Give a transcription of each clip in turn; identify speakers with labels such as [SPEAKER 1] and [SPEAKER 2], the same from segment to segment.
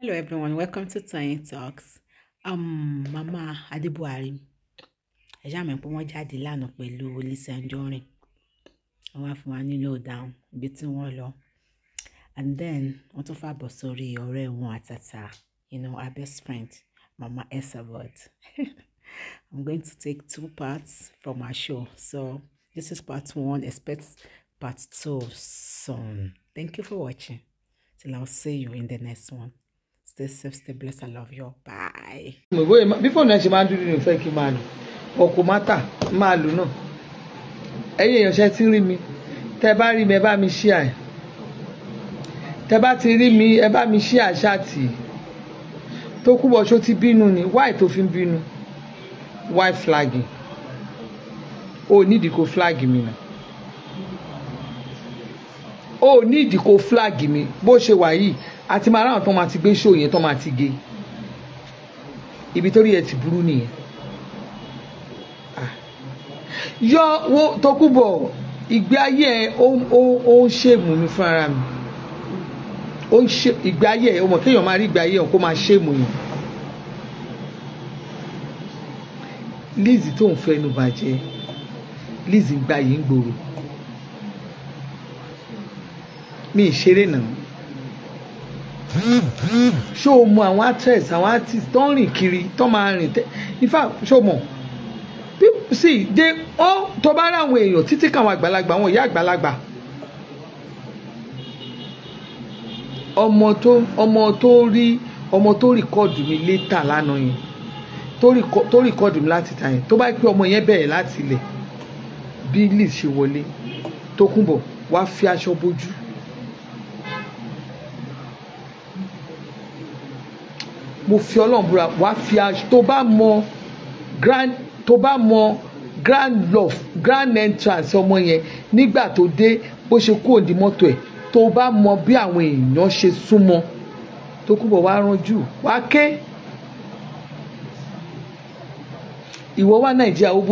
[SPEAKER 1] Hello everyone, welcome to Tiny Talks. Um, Mama Adébúwárí, ẹ̀yà mi pé wọ́n jáde lánàá pẹ̀lú Lizzy Anjorin. Wọ́n á fún wa ní lowdown ibi tí wọ́n lọ. And then wọ́n tún fàbọ̀ sórí ọ̀rẹ́ wọn àtàtà, you know, our best friend, Mama Esabod. I'm going to take two parts from our show. So this is part one, expect part two soon. Thank you for watching. Till I'll see you in the next one stay safe stay blessed i love you bye. Before now she ṣe máa ń dúdú ní fẹ́ kí n máa lò ọkọ̀ mátà máa lò náà ẹ̀yin èèyàn ṣe ti rí mi tẹ́ bá rí mi ẹ bá mi ṣí àì tẹ́ bá ti rí mi ni why to fi binu? why flagging o nídìí kó flag mi nà o nídìí kó flag mi bó ṣe wà àti máa ráhùn tán máa ti gbé ṣó yẹn tán máa ti gé ibi tó rí ẹ ti burú nìyẹn ah. yọ wo tọkúbọ ìgbé ayé ẹ ó ń ṣèmù mi fún ara mi ó ń ṣe ìgbé ayé ẹ ó mọ kéèyàn máa rí ìgbé ayé ẹ máa ṣèmù yẹn Lizzy tó ń fẹnu bàjẹ́ Lizzy ń gba ń gbòòrò mi ì ṣeré náà ṣó o mọ àwọn actress àwọn artist tó ń rìn kiri tó máa rìn tẹ in fact ṣó o mọ people see they all tó bá rà àwọn èèyàn títí kan àwọn àgbàlagbà àwọn ìyá àgbàlagbà ọmọ tó ọmọ tó rí ọmọ tó rìkọ́ọ̀dù mi létà lánàá yẹn tó rìkọ́ọ̀dù mi láti ta yẹn tó bá pé ọmọ yẹn bẹ̀rẹ̀ láti ilẹ̀ bí liz ṣe wọlé tó kún bọ̀ wá fi aṣọ bójú mo fi ọlọ́run búra wàá fi aṣọ tó bá mọ grand tó bá mọ grand love grand entrance ọmọ yẹn nígbà tó dé bó ṣe kúrò ní mọ́tò ẹ̀ tó bá mọ bí àwọn èèyàn ṣe súnmọ́ tó kúbọ̀ wá ránjú wá ké ìwọ wá nàìjíríà wo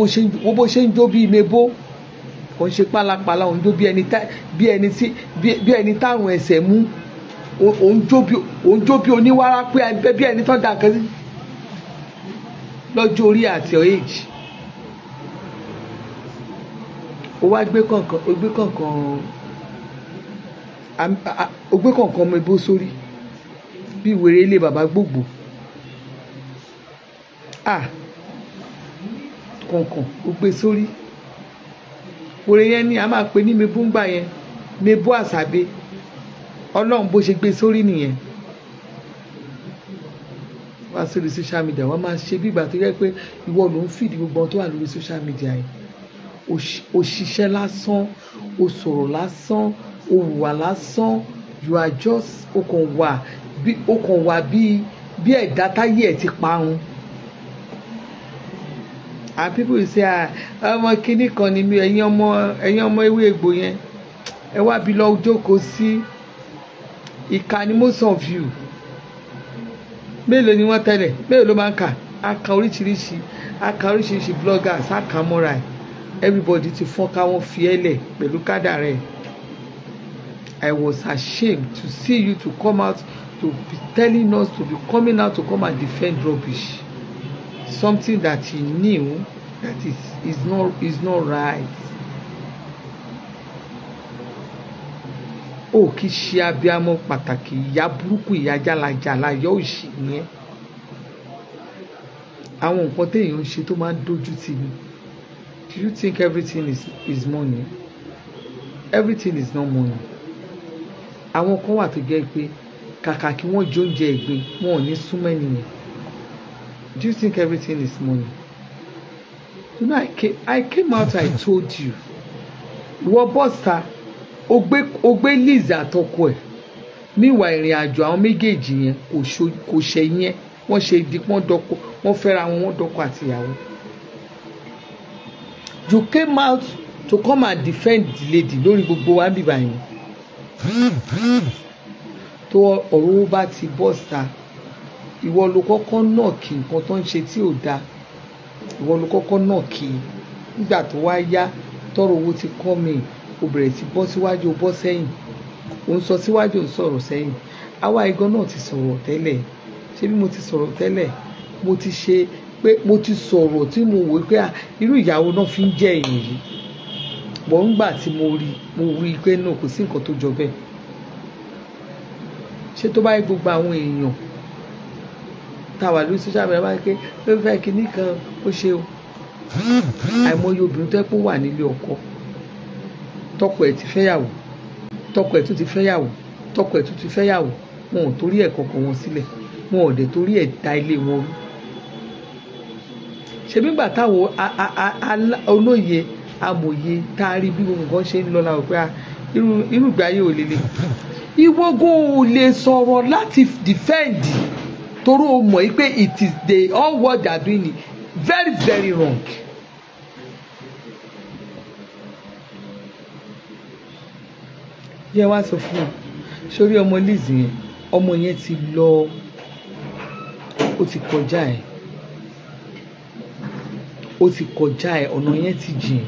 [SPEAKER 1] bó ṣe ń jó bí mebo kò ń ṣe pálapàla òun jó bí ẹni tí bí ẹsẹ̀ mú òun jó bí oníwárá pé ẹgbẹ́ bí ẹni tán da nǹkan sí lọ́jọ́ orí àti èjì ó wá gbé kọ̀ọ̀kan ó gbé kọ̀ọ̀kan ó gbé kọ̀ọ̀kan ọmọ ẹbí sórí bí wèrè ilé bàbá gbogbo à kọ̀ọ̀kan ó gbé sórí wèrè yẹn ni a máa pè ní mebú ń yẹn mebú àṣàbẹ́ ọlọ́run bó ṣe gbé sórí nìyẹn wá sórí social media wọ́n máa ṣe bí ìgbà tó yẹ pé ìwọ ló ń fìdí gbogbo ọ̀n tó wà lórí social media yìí o ṣiṣẹ́ lásán o sọ̀rọ̀ lásán o wùwà lásán you are just o kàn wà bí o wà bí bí ẹ̀dá táyé ẹ̀ ti parun and people say ah ọmọ kinní ni mi ẹ̀yin ọmọ ẹ̀yin ọmọ ewé egbò yẹn ẹ wá bí lọ́ọ́ jókòó sí. Si ìka ni most of you mélòó ni wọ́n tẹ́lẹ̀ mélòó ló máa ń kà á ka oríṣiríṣi á ka oríṣiríṣi bloggers á ka mọ́ra ẹ̀ everybody ti fọ́n ká wọ́n fi ẹ́ lẹ̀ pẹ̀lú kádà rẹ̀ I was ashamed to see you to come out to be telling us to be coming out to come and defend rubbish something that he knew that is is not is not right. ó kì í ṣe abiyamọ pàtàkì ìyá burúkú ìyá jálajàla yọ òṣì yẹn àwọn nǹkan téèyàn ń ṣe tó máa ń dojú tì mí do you think everything is is money everything is not money àwọn kan wà tó jẹ́ pé kàkà kí wọ́n jó oúnjẹ ìgbín wọn ò ní súnmọ́ ènìyàn do you think everything is money you know I came, I came out I told you ìwọ bọ́ọ̀sì ta o gbé Liz àtọkọ ẹ̀ níwà ìrìn àjò àwọn méjèèjì yẹn kò ṣẹ̀yìn ẹ̀ wọ́n ṣe di wọ́n dọ́kọ wọ́n fẹ́ra wọn wọ́n àtìyàwó. you came out to come and defend the lady lórí gbogbo wa bíbá yẹn. tó ọ̀rọ̀ owó bá ti bọ́ sa ìwọ ló kọ́kọ́ náà kí nǹkan tó ń ṣe tí ò dáa ìwọ ló kọ́kọ́ náà kí nígbà tó wá yá tọrọ owó ti kọ́ mi o bẹ̀rẹ̀ sí bọ́ síwájú o bọ́ sẹ́yìn o ń sọ síwájú o ń sọ̀rọ̀ sẹ́yìn àwa igan náà ti sọ̀rọ̀ tẹ́lẹ̀ ṣé bí mo ti sọ̀rọ̀ tẹ́lẹ̀ mo ti ṣe pé mo ti sọ̀rọ̀ tí mo wò pé ah, irú ìyàwó náà fi ń jẹ́ èèyàn yìí bọ̀ ń gbà tí mo rí mo rí i pé náà kò sí nǹkan tó jọ bẹ́ẹ̀ ṣé tó bá yẹ gbogbo àwọn èèyàn táwa lórí social media bá ké ó fẹ́ kinní kan ó ṣe o àìmọye obìnrin tó yẹ kó wà nílé ọkọ tọkọ ẹ̀ ti fẹ́yàwó tọkọ ẹ̀ tún ti fẹ́yàwó tọkọ ẹ̀ tún ti fẹ́yàwó wọn ò torí ẹ̀ kọ̀ọ̀kan wọn sílẹ̀ wọn ò dẹ̀ torí ẹ̀ da ilé wọn rú ṣebí gbà táwọn olóye amòye tá a rí bí gbogbo nǹkan ṣe ń lọ la òpin irú ìgbà yóò lélẹ̀ ìwọ́gùn ò lè sọ̀rọ̀ láti defend torí o mọ̀ yìí pé it is the all what they are doing very very wrong. yẹ wá sọ fún ọ sórí ọmọ Lizzy yẹn ọmọ yẹn ti lọ ó ti kọjá ẹ ó ti kọjá ẹ ọ̀nà yẹn ti jìn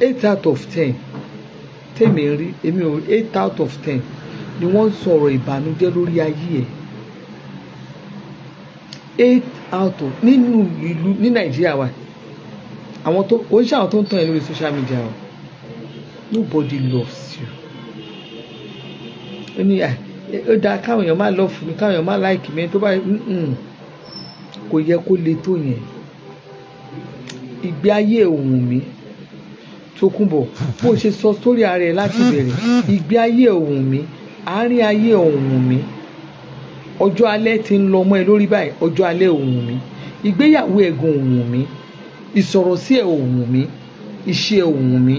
[SPEAKER 1] eight out of ten tèmi rí èmi ò eight out of ten ni wọ́n ń sọ̀rọ̀ ìbànújẹ́ lórí ayé ẹ̀ eight out of nínú ìlú ní Nàìjíríà wa àwọn tó kò ń ṣe àwọn tó ń tàn ẹ́ lórí social media o nobody loves you ó ní ẹ ah, ó dáa káwọn èèyàn máa love mi káwọn èèyàn máa like mi tó bá kò yẹ kó le tó yẹn ìgbé ayé òun mi Tókunbọ̀ bó ṣe sọ sórí ara ẹ láti bẹ̀rẹ̀ ìgbé ayé òun mi àárín ayé òun mi ọjọ́ alẹ́ ti ń lọ ọmọ ẹ lórí báyìí ọjọ́ alẹ́ òun mi ìgbéyàwó ẹ̀gùn òun mi ìsọ̀rọ̀ sí ẹ̀ ò wù mí iṣẹ́ ẹ̀ ò wù mí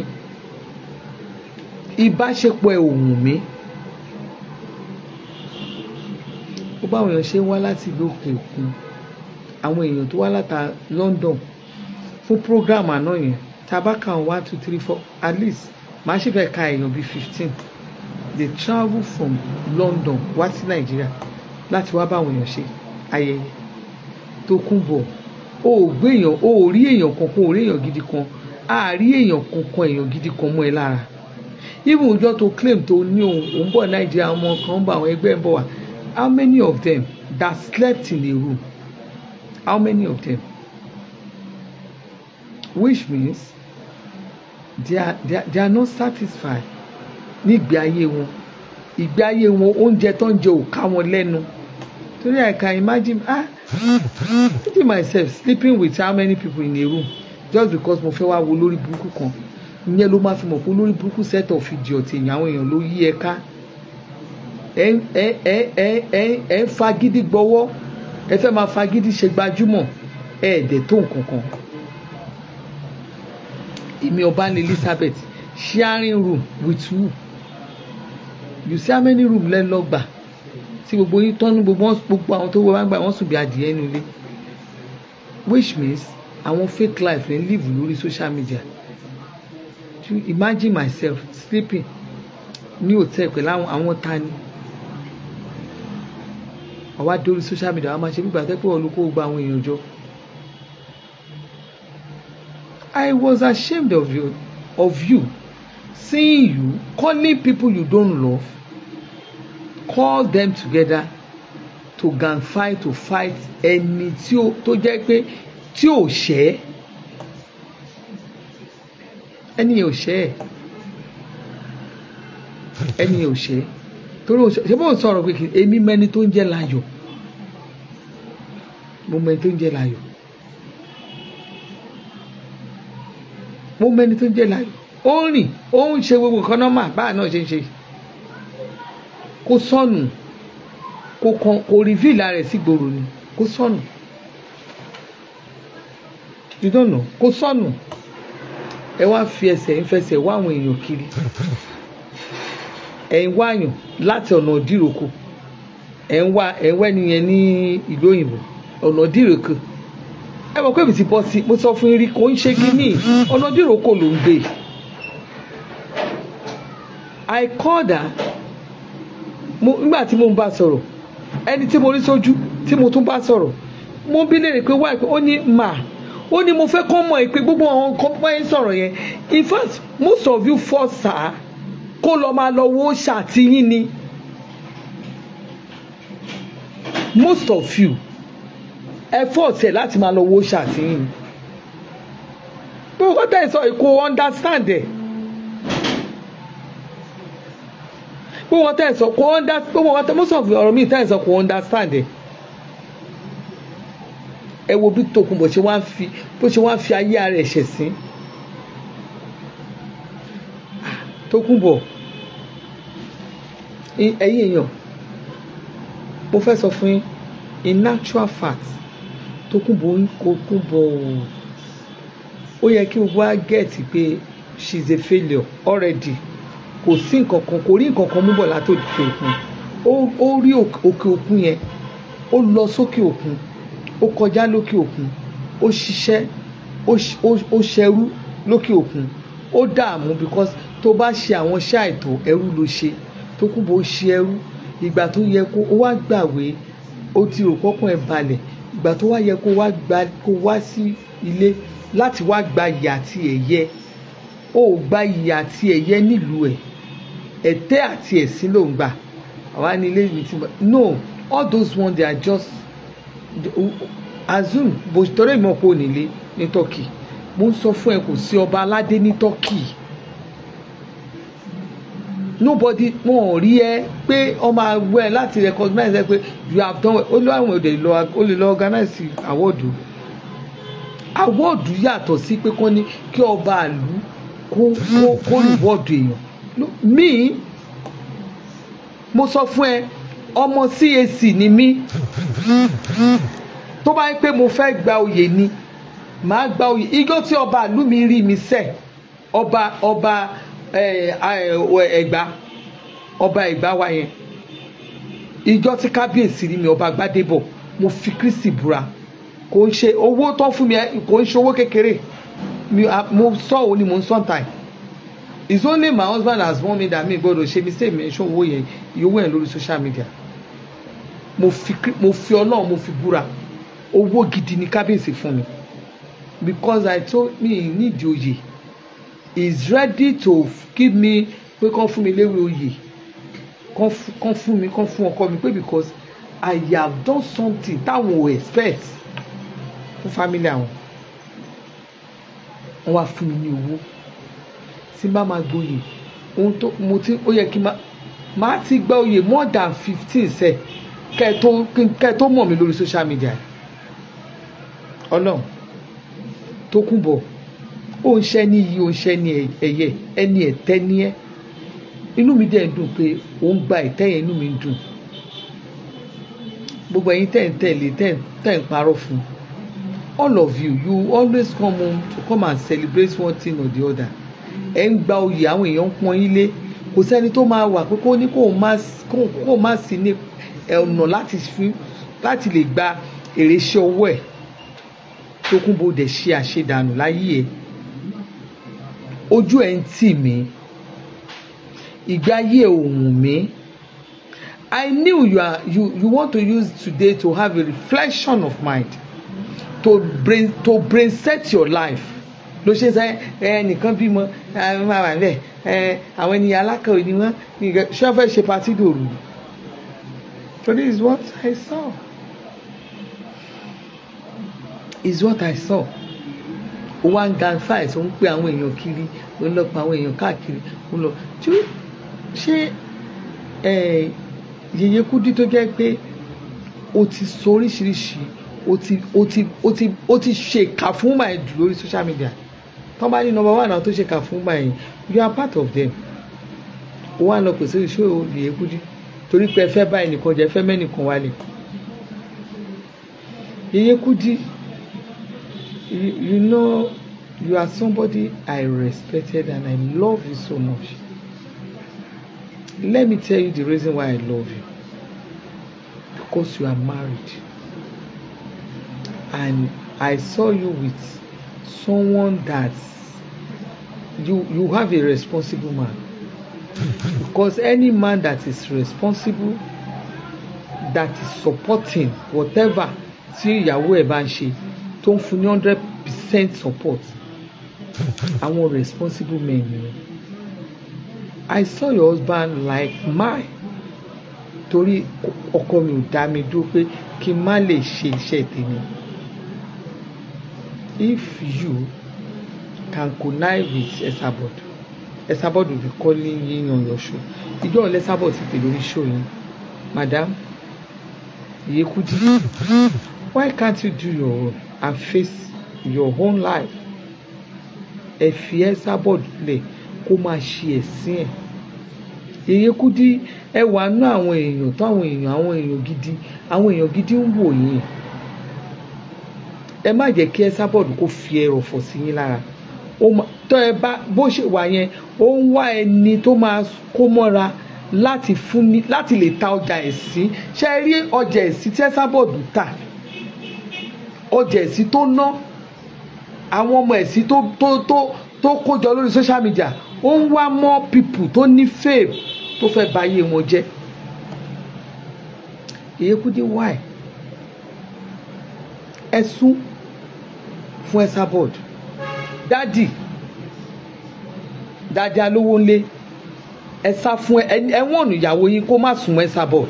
[SPEAKER 1] ìbáṣepọ̀ ẹ̀ ò wù mí ó báwọn èèyàn ṣe ń wá láti ìlú òkè òkun àwọn èèyàn tó wá láta London fún program àná yẹn tabaka one two three four at least màá ṣe fẹ́ ka èèyàn bíi fifteen they travel from London wá sí Nàìjíríà láti wá báwọn èèyàn ṣe ayẹyẹ tó kún bọ̀ o ò gbé èèyàn o ò rí èèyàn kankan o rí èèyàn gidi kan a rí èèyàn kankan èèyàn gidi kan mọ́ ẹ lára even ọjọ́ tó claim tó ní òun òun bọ̀ nàìjíríà ọmọ kan ń àwọn ẹgbẹ́ ń wá how many of them that slept in a room how many of them which means they are they are, they are not satisfied nígbé ayé wọn ìgbé ayé wọn oúnjẹ tó ń jẹ ò ká wọn lẹ́nu. No Today I can imagine ah imagine myself sleeping with how many people in a room just because mo fẹ́ wá wo lórí burúkú kan ìyẹn ló máa fi mọ̀ pé olórí burúkú set of idiot èèyàn àwọn èèyàn ló yí ẹ ká ẹ ẹ ẹ ẹ ẹ ẹ fagídí gbọ́wọ́ ẹ fẹ́ máa fagídí ṣe gbajúmọ̀ ẹ ẹ̀dẹ̀ tó nǹkan kan èmi ọba ni Elizabeth sharing room with who you see how many room lẹ́nu lọ́gbàá tí gbogbo yín tán ní gbogbo gbogbo àwọn tó wọ bá gbà wọ́n sùn bí adìẹ nu ilé which means àwọn fake life lè live lórí social media to imagine myself sleeping ní hòtẹ́ẹ̀lì pẹ̀lú àwọn ta ni àwa dórí social media àwa máa ṣe gbígbà tẹ́pẹ́ olùkó gba àwọn èèyàn jọ. I was ashamed of you of you seeing you calling people you don't love call them together to gang to fight ẹni tí ó tó jẹ́ pé tí ò ṣẹ́ ẹni yẹn ò ṣẹ́ ẹ̀ ẹni yẹn ò ṣẹ́ torí ṣe bó sọ̀rọ̀ pé èmi mẹ́ni tó ń jẹ́ láyọ̀ mo mẹ́ni tó ń jẹ́ láyọ̀ mo mẹ́ni tó ń jẹ́ láyọ̀ ó ń rìn ó ń ṣe gbogbo kan náà mà báà náà ṣe ń ṣe yìí kó sọnù kó kan kó reveal rẹ̀ sí gbòòrò ni kó sọnù you don't know kó sọnù ẹ wá fi ẹsẹ̀ ń fẹsẹ̀ wá àwọn èèyàn kiri ẹ̀ ń wáyàn láti ọ̀nà òdìròkọ ẹ̀ ń wá ẹ̀ ń wẹ́ni yẹn ní ìlú òyìnbó ọ̀nà òdìròkọ ẹ mọ̀ pé mi ti bọ́ sí mo sọ fún yín rí kò ń ṣe kínní ọ̀nà òdìròkọ ló ń gbé I called her nígbà tí mo ń bá sọ̀rọ̀ ẹni tí mo rí sójú tí mo tún bá sọ̀rọ̀ mo bí léèrè pé wáyé pé ó ní mà ó ní mo fẹ́ kọ́ mọ̀ pé gbogbo àwọn kan bá yín sọ̀rọ̀ yẹn in fact most of you fọ́ sà á kó lọ́ọ́ máa lọ wo ṣàtìyín ni most of you ẹ fọ́ ọ̀sẹ̀ láti máa lọ wo ṣàtìyín ni gbogbo tẹ̀sán ìkó understand ẹ̀. Eh? pé wọ́n tẹ̀ sọ kò understand pé wọ́n tẹ̀ most of ọ̀rọ̀ mi tẹ̀ sọ kò understand ẹ̀ ẹ wo bí Tòkunbọ̀ ṣe wá ń fi bó ṣe wá ń fi ayé ara ẹ̀ ṣẹ̀ sí ah, Tòkunbọ̀ ẹ̀yin èèyàn mo fẹ́ sọ fún yín in natural fact Tòkunbọ̀ Tòkunbọ̀ ó yẹ kí gbogbo á gẹ̀ẹ́tì pé she is a failure already kò sí nǹkan kan kò rí nǹkan kan mú bọ̀ láti òkè òkun ó rí òkè òkun yẹn ó lọ sókè òkun ó kọjá lókè òkun ó ṣiṣẹ́ ó ṣẹrú lókè òkun ó dààmú because tó bá ṣe àwọn iṣẹ́ àìtó ẹrú ló ṣe tó kú bó ṣe ẹrú ìgbà tó yẹ kó o wá gbàwé ó ti rò pọ́kàn ẹ̀ balẹ̀ ìgbà tó wá yẹ kó wá gba kó wá sí ilé láti wá gba ìyà àti ẹ̀yẹ o ò gba ìyà àti ẹ̀yẹ nílùú ẹ̀ ẹ̀tẹ́ àti ẹ̀sín ló ń gbà àwa ní ilé ìwé tí mo no all those ones they are just azun bó torí mi ọ̀pọ̀ onílé ní turkey mo ń sọ fún ẹ kò sí ọba aládé ní turkey nobody wọn ò rí ẹ pé ọmọ agbẹ láti recognize ẹ pé you have done well ó lọ àwọn òde lọ ó lè lọ organize awọ́ọ̀dù awọ́ọ̀dù yàtọ̀ sí pé kán ní kí ọba àlù kó kó kó rìwọ́ọ̀dù èèyàn mí mo sọ fún ẹ ọmọ CAC ni mí tó bá yẹ pé mo fẹ́ gba oyè ni màá gba oyè igbó tí ọba ìlú mi rí mi sẹ́ ọba ọba ẹ̀gbá ọba ẹ̀gbá wa yẹn ìjọ tí kábíyèsí rí mi ọba gbadébọ̀ mo fi Kristi búra kò ń ṣe owó tó fún mi kò ń ṣe owó kékeré mo sọ òun ni mo ń sọ̀tà ẹ̀ it's only my husband has warned me that mi gbọ́dọ̀ ṣe mistake mi ṣó owó yẹn yòówó yẹn lórí social media mo fi mo fi ọlọ́run mo fi búra owó gidi ni kábíyèsí fún mi because i told me he need oyè he is ready to give me pé kán fún mi léwu oyè kán fún mi kán fún ọkọ mi pé because i have done something that ò expect for family àwọn wọ́n wá fún mi ní owó tí n bá máa gboyè ohun tó mo ti ó yẹ kí n máa ti gba oyè more than fifteen sẹ kẹ tó kẹ tó mọ̀ mí lórí social media ọlọ́run tó kún bọ̀ ó ń ṣẹ́ ní yìí ó ń ṣẹ́ ní ẹ̀yẹ ẹni ẹ̀tẹ́ ní ẹ́ inú mi dẹ̀ ń dùn pé ó ń gba ìtẹ́ yẹn inú mi ń dùn gbogbo ẹ̀yin tẹ̀ ń tẹ̀lé tẹ̀ ń parọ́ fún un all of you you always come home to come and celebrate one thing or the other ẹ ń gba oyè àwọn èèyàn ń pọn yín lé kò sẹ́ni tó máa wà pé kó ní kó má sí ní ọ̀nà láti fi láti lè gba èrè iṣẹ́ ọwọ́ ẹ̀ tó kún bó dẹ̀ ṣe àṣedànù láyé ẹ̀ ojú ẹ̀ ń tì mí ìgbé ayé òun mi I knew you, are, you, you want to use today to have a reflection of mind to brain to brain set your life ló ṣe sẹ ẹnìkan bímọ màmá bẹ ẹ àwọn ènìyàn alákàwé ni wọn nìkan ṣé wọn fẹ́ ṣe patí dòru so this is what I saw is what I saw one gang fight ó ń pe àwọn èèyàn kiri ó ń lọ pa àwọn èèyàn káàkiri ó ń lọ tí ṣé yèyé Kúdí tó jẹ́ pé o ti sọ oríṣiríṣi o ti o ti o ti o ti ṣèkà fún máa jù lórí social media tán bá ní number one àwọn tó ṣèkà fún máa you are part of them ó wá lọ pèsè ìṣó òòlù èkúdí torí pé ẹ fẹ́ bá ẹnìkan jẹ ẹ fẹ́ mẹ́nìkan wá lè. Yeyekudi you know you are somebody I respected and I love you so much let me tell you the reason why I love you because you are married and I saw you with someone that you you have a responsible man because any man that is responsible that is supporting whatever tí ìyàwó ẹ̀ bá ń ṣe tó ń fún ní hundred percent support àwọn responsible men nìyẹn I saw your husband like my, tori ọkọ mi ò dá mi dúró pé kí n má lè ṣe iṣẹ́ tèmi if you can connive with Esabod Esabod will be calling in on your show ìjọ ọ̀lẹ́ Esabod ti pè lórí show yẹn madam Yekudi why can't you do your own and face your own life ẹ fi Esabod le, kó máa ṣe ẹ̀sìn ẹ̀ Yekudi ẹ wà nú àwọn èèyàn tó àwọn èèyàn àwọn èèyàn gidi àwọn èèyàn gidi ń wò yín ẹ má jẹ́ kí ẹ sábọ̀dù kó fi ẹrọ̀fọ̀ sí yín lára tọ́ ẹ bá bó ṣe wà yẹn ó ń wá ẹni tó máa kó mọ́ra láti fún ní láti lè ta ọjà ẹ̀sìn ṣe é rí ọjà ẹ̀sìn tí ẹ sábọ̀dù tà ọjà ẹ̀sìn tó ná àwọn ọmọ ẹ̀sìn tó tó tó tó kójọ lórí social media ó ń wá mọ́ pípù tó ní fèèb tó fẹ́ bà ayé wọn jẹ́ èyí kú dé wáì ẹ̀sùn fún ẹsà board dádì dádì alówó ńlé ẹ sá fún ẹ ẹ wọ̀n ìyàwó yín kó má sùn ẹsà board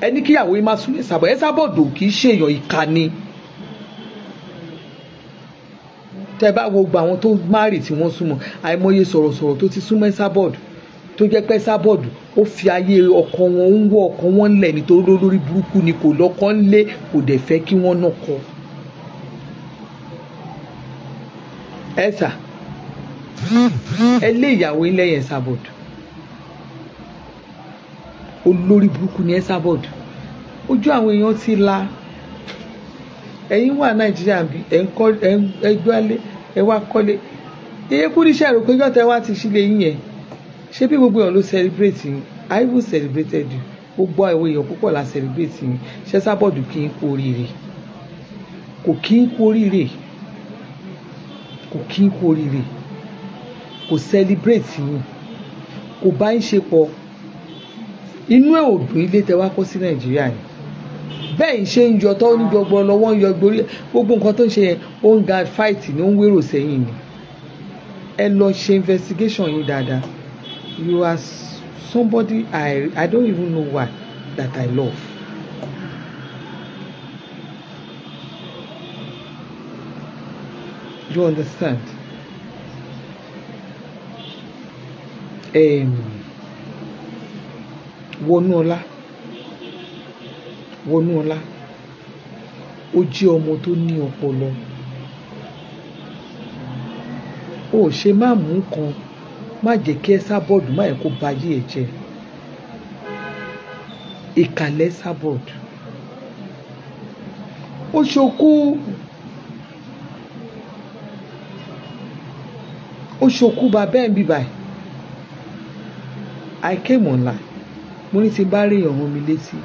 [SPEAKER 1] ẹ ní kíyàwó yín má sùn ẹsà board ẹsà board ò kì í ṣèyàn ìka ni tẹ bá wo gba àwọn tó márì tí wọ́n súnmọ́ àìmọye sọ̀rọ̀sọ̀rọ̀ tó ti súnmọ́ ẹsà board tó jẹ́ pé ẹsà board ó fi ayé ọkọ wọn ń wọ ọkọ wọn lẹ̀ nítorí olórí burúkú ni kò lọ́kọ ńlé kò dẹ̀ fẹ́ kí wọ́n náà kọ́. ẹ̀sà ẹ lé ìyàwó yín lẹ́yìn ẹ̀sà olórí burúkú ni ẹ̀sà bọ̀dù ojú àwọn èèyàn ti la ẹ̀yin wà nàìjíríà bí ẹ̀ ń kọ́ ẹ̀ ń gbọ́lé ẹ̀ wá kọ́lé yẹyẹ kú níṣẹ́ rò pé yọ̀tẹ̀ wá ti ṣílẹ̀ yín yẹn ṣé bí gbogbo èèyàn ló celebrate yín I will celebrated you gbogbo àwọn èèyàn púpọ̀ la celebrate yín ṣẹ́sà bọ̀dù kì í kú oríire kò kì í kú oríire kò kí n kú oríire kò celebrate yín kò bá ń ṣe pọ̀ inú ẹ̀ ò dùn ilé tẹ wá kó sí nàìjíríà yìí bẹ́ẹ̀ ń ṣe ń yọ tó ń gbọgbọ lọ́wọ́ ń yọ gborí gbogbo nǹkan tó ń ṣe yẹn ó ń ga fight ni ó ń wérò sẹ́yìn ni ẹ lọ ṣe investigation yín dáadáa you are somebody I, I don't even know why that I love. Do you understand? Um, Wọnúọlá Wọnúọlá ó jẹ́ ọmọ tó ní ọpọlọ ó ṣe má mú nǹkan má jẹ́ kí ẹ sábọ̀dù má yẹ kó ba ayé ẹ jẹ́ ìkàlẹ̀ sábọ̀dù ó ṣokú ó ṣokú ba bẹ́ẹ̀ bí báyìí i came online mo ní ti bá rí èèyàn rán mi létí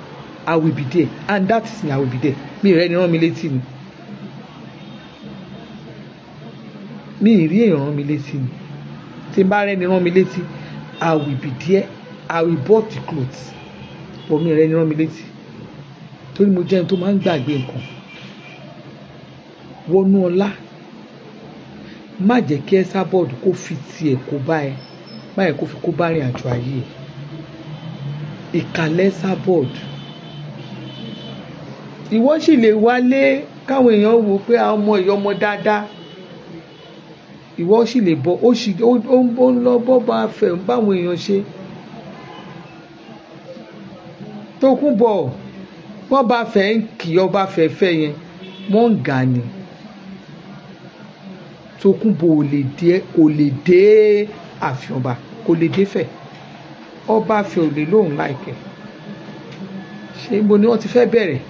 [SPEAKER 1] i will be there and that is me i will be there mi rẹ ni rán mi létí ni mi rí èèyàn rán mi létí ni tí bá rẹ ni rán mi létí i will be there i will bought the clothes for mi rẹ ni rán mi létí torí mo jẹ́ ẹni tó máa ń gbàgbé nǹkan wọnú ọlá má jẹ́ kí ẹ sábọ̀dù kó fi tiẹ̀ kó bá ẹ má yẹ kó fi kó bá rìn àjò ayé ẹ ìkàlẹ̀ sábọ̀dù ìwọ sì lè wálé káwọn èèyàn wò pé ọmọ ìyá ọmọ dáadáa ìwọ sì lè bọ ó sì ó ń lọ bọ́ba fẹ̀ ń báwọn èèyàn ṣe tó kún bọ̀ bọ́ba fẹ̀ ń kì ọba fẹ̀ fẹ́ yẹn wọ́n ń gà ni. Tókunbọ̀ ò lè dé kò lè dé ààfin ọba kò lè dé fẹ̀ ọba ààfin ò lè lóhùn láìpẹ́ ṣé ibo ni wọ́n ti fẹ́ bẹ̀rẹ̀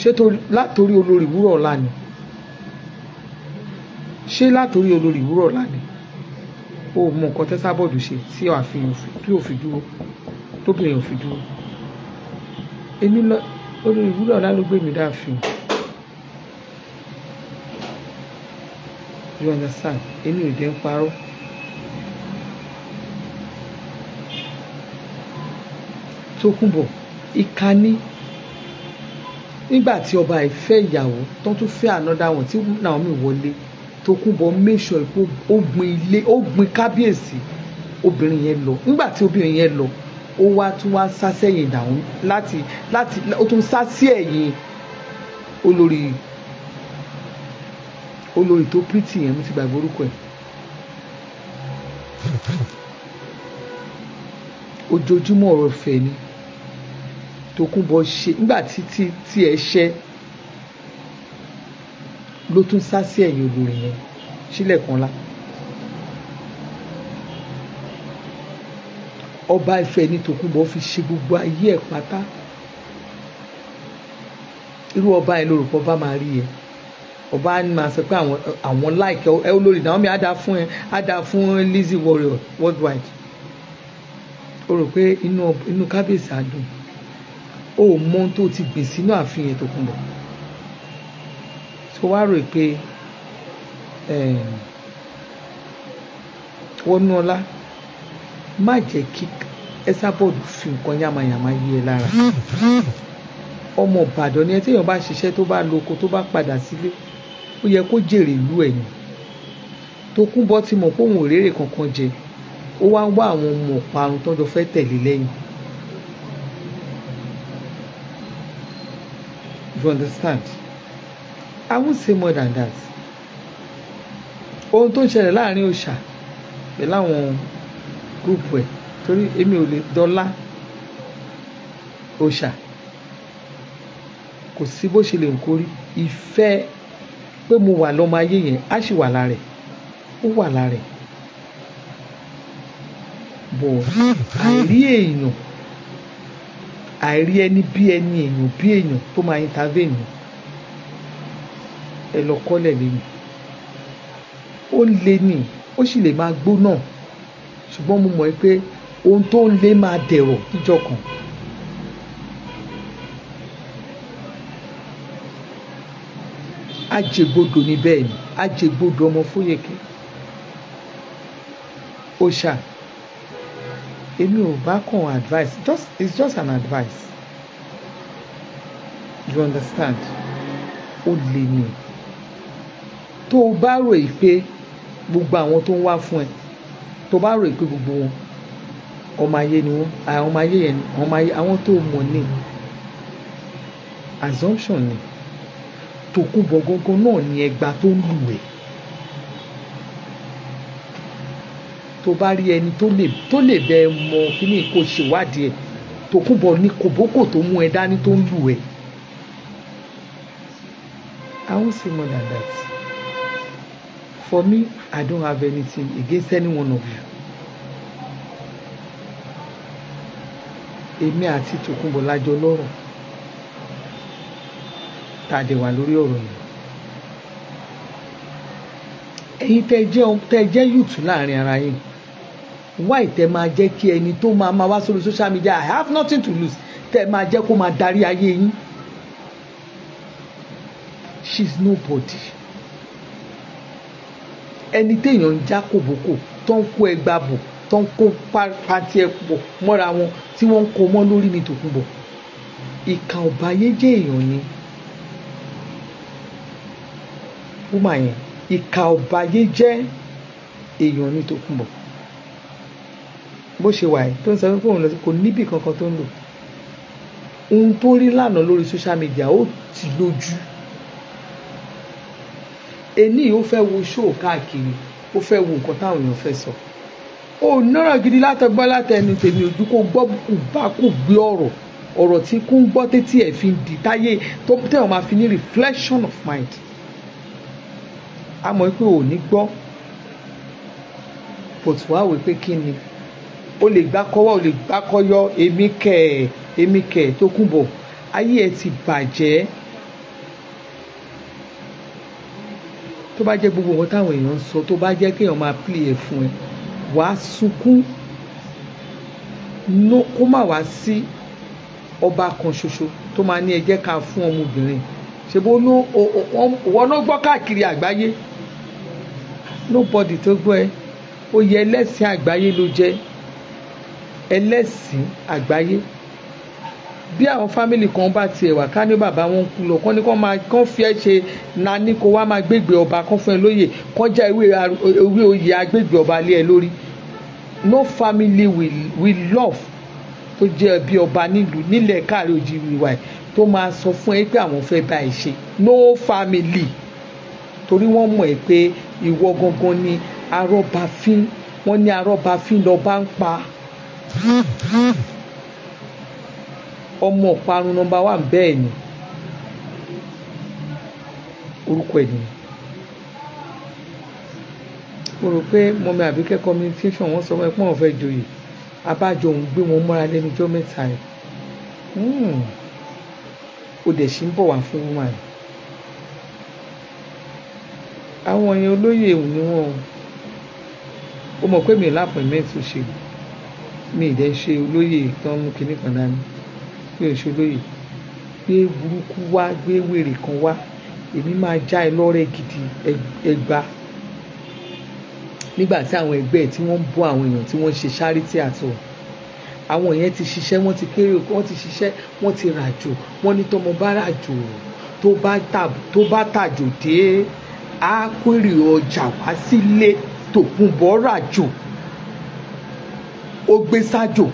[SPEAKER 1] ṣé látòrí olórí wúrọ̀ ọ̀la ni ṣé látòrí olórí wúrọ̀ ọ̀la ni o mọ nǹkan tẹ́ sábọ̀dù ṣe tí ààfin tí ò fi dúró tóbìnrin ò fi dúró èmi lọ olórí wúrọ̀ ọ̀la ló gbé mi dáàfin. you understand èmi ò dé ń parọ́. Tókunbọ̀ ìka ní nígbà tí ọba ìfẹ́ ìyàwó tó tún fẹ́ ànádà wọn tí Naomi wọlé Tókunbọ̀ make sure pé ó gbin ilé ó gbin kábíyèsí obìnrin yẹn lọ nígbà tí obìnrin yẹn lọ ó wá tún wá sá sẹ́yìn Naomi láti láti ó tún sá sí ẹ̀yìn olórí olórí tó pírítì yẹn mo ti gbàgbé orúkọ ẹ̀ ojoojúmọ́ ọ̀rọ̀ fẹ̀ ni Tókunbọ̀ ṣe nígbà tí tí tí ẹ ṣẹ́ ló tún sá sí ẹ̀yìn olórí yẹn sílẹ̀kùn la ọba Ifẹ̀ ní Tókunbọ̀ fi ṣe gbogbo ayé ẹ̀ pátá irú ọba yẹn lórúkọ bá máa rí yẹn ọba máa sọ pé àwọn like ẹ olórí Naomi á dáa fún ẹ á fún Lizzy warrior worldwide o rò pé inú inú kábíyèsí á dùn o ò mọ ohun tó ti gbìn sínú àfihàn tó kún bọ̀ so wá rò pé eh, wọnúọlá má jẹ́ kí Esabod fi nǹkan yàmàyàmà yí ẹ lára ọmọ Ìbàdàn ni ẹ téèyàn bá ṣiṣẹ́ tó bá lóko tó bá padà sílé ó yẹ kó jèrè ìlú ẹ̀ ni Tókunbọ̀ ti mọ̀ pé òun ò rérè kankan jẹ ó wá ń wá àwọn ọmọ ọ̀parun tó jọ fẹ́ tẹ̀lé lẹ́yìn you understand I won't say more than that ohun tó ń ṣẹlẹ̀ láàrin òòṣà pẹ̀lú àwọn gúrùpù ẹ̀ torí èmi ò lè dọ́là òòṣà kò sí bó ṣe lè kórí ìfẹ́ pé mo wà lọ́mọ ayé yẹn á sì wà lára ẹ̀ ó wà lára ẹ̀ bọ̀ àìrí èèyàn àìrí ẹni bí ẹni èèyàn bí èèyàn tó máa intervene ẹ lọ kọ́lẹ̀ lẹ́nu ó ń lé ní ó sì lè máa gbóná ṣùgbọ́n mo mọ̀ pé ohun tó ń lé máa dẹ̀rọ̀ níjọ́ kan. àjẹgbodò ni bẹ́ẹ̀ ni àjẹgbodò ọmọ Fóyèké òṣà èmi ò bá kàn advice just it's just an advice you understand ó lè ní tó o bá rò yìí pé gbogbo àwọn tó ń wá fún ẹ tó o bá rò yìí pé gbogbo wọn ọmọ ayé ni wọn ọmọ ayé yẹn ni àwọn tó mọ̀ ní assumption ni. Tòkunbọ̀ gangan náà ni ẹgba tó ń lùwẹ̀ tó bá rí ẹni tó lè bẹ ẹ mọ kíní kó ṣèwádìí ẹ Tòkunbọ̀ ní kòbókò tó mú ẹ dání tó ń lùwẹ̀ I won't say more than that for me I don't have anything against any one of you. èmi àti Tòkunbọ̀ lájọ lọ́rọ̀ tá a dẹ̀ wà lórí ọ̀rọ̀ yìí ẹ̀yin tẹ́ jẹ́ tẹ́ jẹ́ youth láàrin ara yín why tẹ́ máa jẹ́ kí ẹni tó máa máa wá sórí social media i have nothing to lose tẹ́ máa jẹ́ kó máa darí ayé yín she is nobody ẹni téèyàn ń já kòbókò tó ń kó ẹgbàá bò tó ń kó pàǹtí ẹ pọ̀ mọ́ra wọn tí wọ́n ń kó mọ́ lórí ní tòkúbọ̀ ìkà ọ̀bàyéjẹ́ èèyàn ni. woman yẹn ìka ọ̀bàyé jẹ́ èèyàn ní Tòkunbọ̀ bó ṣe wà yìí tó ń sọ pé òun kò níbì kankan tó ń lò ohun tó rí lánàá lórí social media ó ti lójú ẹni ó fẹ́ wo ṣóò káàkiri ó fẹ́ wo nǹkan táwọn èèyàn fẹ́ sọ ó náírà gidi látọgbọ́n látẹnu tèmi ojú kó gbọ́ kò kò gbé ọ̀rọ̀ ọ̀rọ̀ tí kò ń gbọ́ tẹ́tí ẹ̀ fi di táyé tó tẹ̀ máa fi ní reflection of mind a mọ̀ pé ò ní gbọ́ bòtùwá wò pé kí ni o lè gbá kọ́wọ́ o lè gbá kọ́yọ́ èmi kẹ̀ èmi kẹ̀ tó kún bọ̀ ayé ẹ ti bàjẹ́ tó bá jẹ́ gbogbo nǹkan táwọn èèyàn ń sọ tó bá jẹ́ kéèyàn máa pìlì ẹ̀ fún ẹ wàá sunkún no kó má wá sí ọba kan ṣoṣo tó máa ní ẹ ká fún ọmọbìnrin ṣe bó ló wọn ló gbọ́ káàkiri àgbáyé nobody tó gbọ́ ẹ oyè ẹlẹ́sìn àgbáyé ló jẹ́ ẹlẹ́sìn àgbáyé bí àwọn fámìlì kan bá tiẹ̀ wà ká ní bàbá wọn kú lọ kán ní kán máa kán fi ẹ́ ṣe nání kó wá máa gbégbé ọba kán fún ẹ lóyè kán já ewé oyè agbégbé ọba lé ẹ lórí no family will, will love tó jẹ́ bí ọba nílùú nílẹ̀ káàárọ̀ òjìrì ìwà ẹ̀ tó máa sọ fún ẹ pé àwọn fẹ́ bá ẹ ṣe no family torí wọ́n mọ̀ ẹ́ pé ìwọ gangan ni arọ́bàfín wọ́n ní arọ́bàfín lọ́ba ń pa ọmọ ọ̀parun nọmba wà bẹ́ẹ̀ ni orúkọ ẹ̀ nìyẹn mo rò pé mọ̀mí àbíkẹ́ communication wọ́n sọ wọn pé wọ́n fẹ́ joyè abájọ òun gbé wọn mọ́ra lẹ́nu jọ́ mẹ́ta yìí hmm. ó dẹ̀ ṣì ń bọ̀ wá fún wọn àná àwọn yẹn olóyè èwù ni wọn o ó mọ̀ pé mi lápẹ̀mẹ́t òṣèlú mi ìdẹ́ ṣe olóyè tán mú kinní kan dání mi ò ṣe olóyè gbé burúkú wá gbé wèrè kan wá èmi máa já ẹ lọ́rẹ́ gidi ẹgbà nígbà tí àwọn ẹgbẹ́ tí wọ́n ń bọ́ àwọn èèyàn tí wọ́n ń ṣe charity àtọ̀ àwọn yẹn ti ṣiṣẹ́ wọ́n ti kéré wọ́n ti ṣiṣẹ́ wọ́n ti ràjò wọ́n ní tọmọ bá ràjò tó bá tàjò dé á kórè ọjà wá sílé tòkun bọ́ra jò ó gbé sájò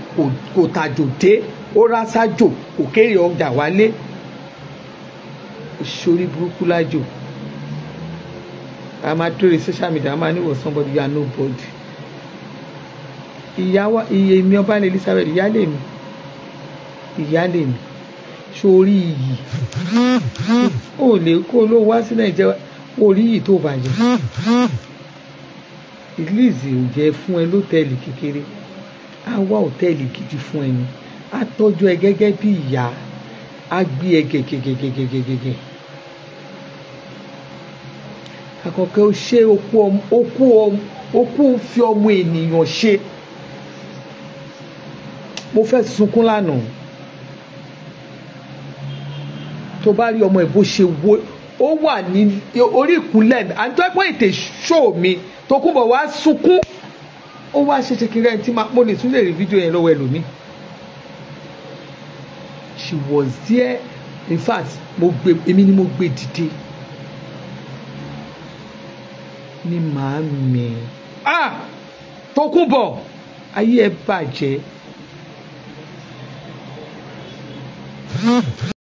[SPEAKER 1] kò tàjò dé ó rá sájò kò kéré ọjà wálé ìṣòrí burúkú lájò a máa tóri social media a máa ní wọ̀sán bọ́dí ya nobody ìyá wa iye mi ọba ní Elizabeth ìyáálé mi ìyáálé mi sórí iyì ó lè kó olówó wá sí Nàìjíríà orí yìí tó bàjẹ́ elise ò jẹ́ fún ẹ lọ́tẹ̀ẹ̀lì kékeré á wá òtẹ́ẹ̀lì gidi fún ẹ ni á tọ́jú ẹ gẹ́gẹ́ bí ìyá á gbé ẹ gẹ́gẹ́gẹ́gẹ́gẹ́gẹ́ àkọ́kẹ́ ó ṣe okú okú okú fi ọmọ ènìyàn ṣe mo fẹ́ sunkún lánàá tó bá rí ọmọ ẹ̀ bó ṣe wó ó wà ní orí ìkúnlẹ̀ mi àti tó pé ètè ṣó mi tó kún bọ̀ wá sunkún ó wá ṣe ṣèkìrẹ́ tí mo lè tún lè rí fídíò yẹn lọ́wọ́ ẹlòmíì she was there in fact mo gbé èmi ni mo gbé dìde ní màámi ah tó kún bọ̀ ayé ẹ bàjẹ́.